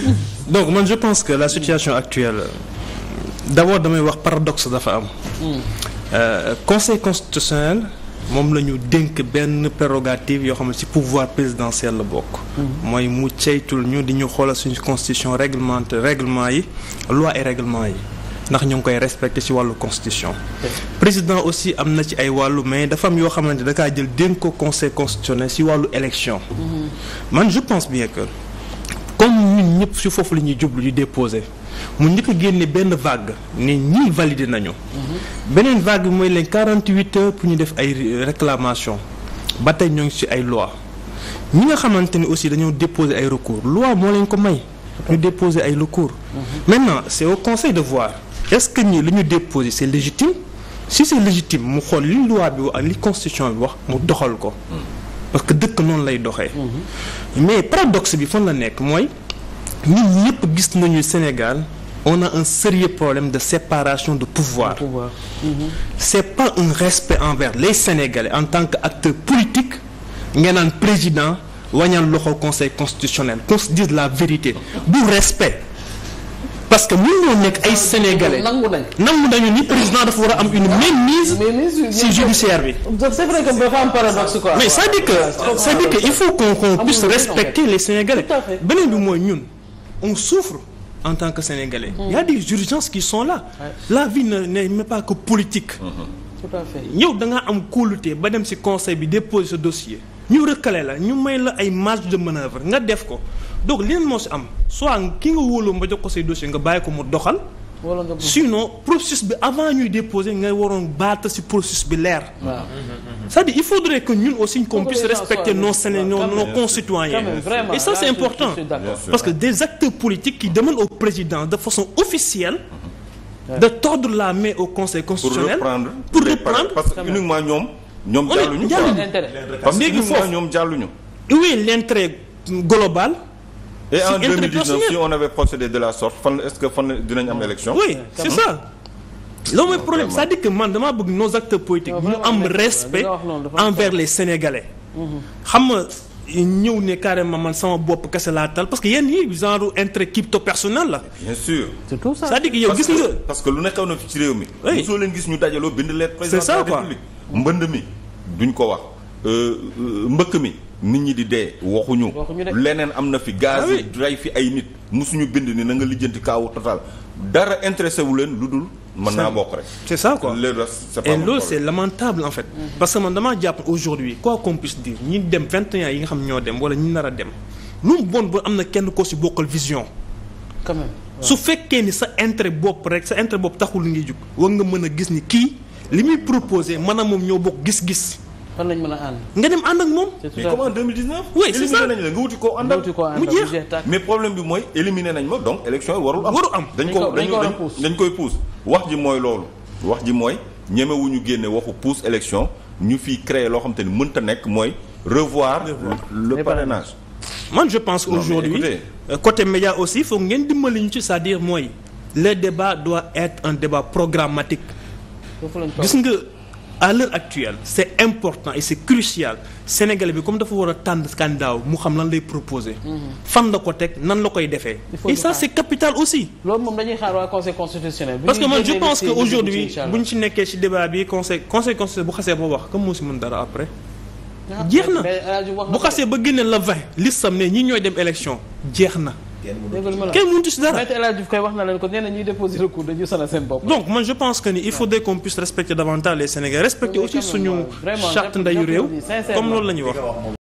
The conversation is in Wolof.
donc man je pense que la situation actuelle d'abord damay wax paradoxe dafa am. Euh, conseil constitutionnel moom la ñu dénk benn prérogative yoo xam ne ci pouvoir présidentiel la bokk. Mm-hmm. mooy mu ceytul ñu di ñu xoolal suñu constitution réglemente règlement yi loi et réglement yi. ndax ñu ngi koy respecté ci wàllu constitution. président aussi am na ci ay wàllu mais dafa am yoo xamante da kaa jël dénk ko conseil constitutionnel ci wàllu élection. Mm-hmm. man je pense bien que. comme ñun ñëpp si foofu la ñuy jublu di déposer mu njëkk a génne benn vague ni ñii validé nañu. Mhm. beneen vague bi mooy leen 48 heures pour ñu def ay réclamation ba tey ñoo ngi si ay loi ñi nga xamante ni aussi dañoo déposer ay recours loi moo leen ko may. ñu déposer ay recours. Mhm. maintenant c' est au conseil de voir est ce que ñii li ñu déposer c' est légitime si c' est mu xool li loi bi wax ak li constitution bi wax mu doxal ko. Mhm. parce que dëkk noonu lay doxee. mais paradoxe bi fan la nekk mooy ñun ñëpp gis nañu Sénégal on a un sérieux problème de séparation de pouvoir. De pouvoir. Mmh. c'est pas un respect envers les Sénégalais en tant qu'acteurs politiques ngeen naan président wañaan loxo conseil constitutionnel qu'on se dise la vérité du respect. parce que ñun ñoo nekk ay sénégalais nangu nañu ni président dafa war a am une mainmise si judiciaire bi. c'est vrai que dafa am paradoxe quoi. mais cest dire que cest dire que il faut qu'on qu'on puisse respecter les sénégalais. beneen bi mooy ñun on souffre en tant que sénégalais. Mm. il y a des urgences qui sont là. la vie ne n'est pas que politique. Mm-hmm. yow da nga am kóolute ba dem ci conseil bi déposer ce dossier. ñu rëkkale la ñu may la ay marge de manœuvre nga def ko. donc leneen moo si am soit ki nga wóolu ma jox ko say dossier nga bàyyi ko mu doxal. sinon processus bi avant ñuy déposer ngay waroon baata ci processus bi leer. c'est-à-dire il faudrait que ñun aussi qu'on puisse respecter nos Sénégalais nos concitoyens. et ça c'est important parce que des acteurs politiques qui demandent au président de façon officielle. de tordre la mais au conseil constitutionnel. pour reprendre parce que uniquement ñoom. ñoom jàlluñu quoi parce que uniquement ñoom jàlluñu. oui l'intérêt et en 2019 si on avait procédé de la sorte fan est-ce que fan dinañ am ah. élection. oui c'est ça. loolu mooy problème cest à man damaa bëgg nos acteurs politiques ñu am respect envers les sénégalais. Mhm. xam nga ñëw ne carrément man sama bopp kese laa tal parce que yenn yi genre intérêt crypto personnel la. bien sûr. c'est tout yow gis nga. parce que lu nekkoon na fi ci réew mi. oui soo leen ñu dajaloo bind leen. président de la république mi duñ ko wax euh, euh, mbëkk mi. nit ñi di dee waxuñu leneen am na fi gaz yi ah fi ay nit musuñu bind ni na nga lijjanti kaaw total dara intéressé wu leen lu dul mën naa bokk rek c'est ça quoi le reste c'est pas et loolu c'est lamentable en fait mm. parce que man damaa jàpp aujourd'hui quoi qu'on puisse dire ñi dem 21 yi nga xam ñoo dem wala ñi nar a dem lu mu bon bon am na kenn koo si bokkal vision quand su fekkee ni sa intérêt bopp rek sa intérêt bopp taxul li ngay jug war nga mën a gis ni kii li muy proposé maanaam moom ñoo bokk gis-gis fan lañ mën a nga dem ànd ak moom. mais comme en 2019. oui c' est ça mais problème bi mooy éliminé nañ ma donc élection yi warul am. warul am dañ ko dañ ko dañ koy pousse. wax ji mooy loolu. wax ji mooy ñemewuñu génne waxu pouse élection ñu fi créer loo xam te ni mënta nekk mooy revoir le parrainage. man je pense aujourd'hui euh, côté média aussi foog ngeen dimbali ñu ci cest à mooy le débat doit être un débat programmatique. gis nga. à l'heure actuelle c'est important et c'est crucial Sénégalais bi comme dafa war a tànn candidat mu xam lan lay proposer. Mhm. fan la ko teg nan la koy defee. et ça c'est capital aussi. loolu moom dañuy xaar waa conseil constitutionnel. parce que man je pense que aujourd'hui bu ñu ci nekkee ci débat bi conseil conseil constitutionnel bu xasee ba wax comme moo si mën dara après. Ah, jeex na bu xasee ba génne la vingt listam ne ñi ñooy dem élection jeex na. kenn mënut si dara donc je pense que ni il faudrait qu'on puisse respecter davantage les Sénégalais respecter aussi suñu charte ndeyu réew comme loolu la wax